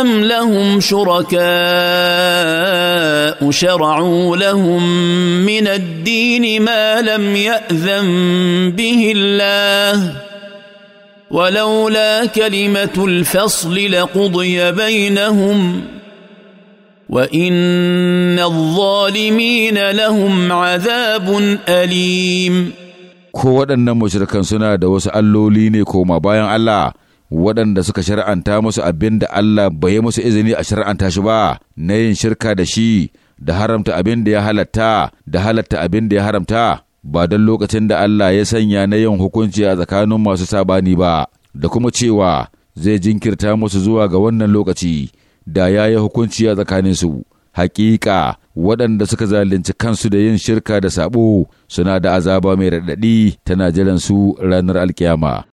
أم لهم شركاء شرعوا لهم من الدين ما لم يأذن به الله ولولا كلمة الفصل لقضي بينهم وإن الظالمين لهم عذاب أليم. كوة waɗannan mashirkan سنة دوس اللولين كوما باين الله waɗanda suka shar'anta musu abin da Allah bai musu izini a shar'anta shi ba na yin shirka da shi da haramta abin da ya halatta da halatta abin da ya haramta ba don lokacin da Allah ya sanya na yin hukunci a tsakanin masu sabani ba da kuma cewa zai jinkirta musu zuwa ga wannan lokaci da ya yi hukunci a tsakaninsu hakika waɗanda suka zalunci kansu da yin shirka da sabo suna da azaba mai raɗaɗi tana jiran su ranar alkiyama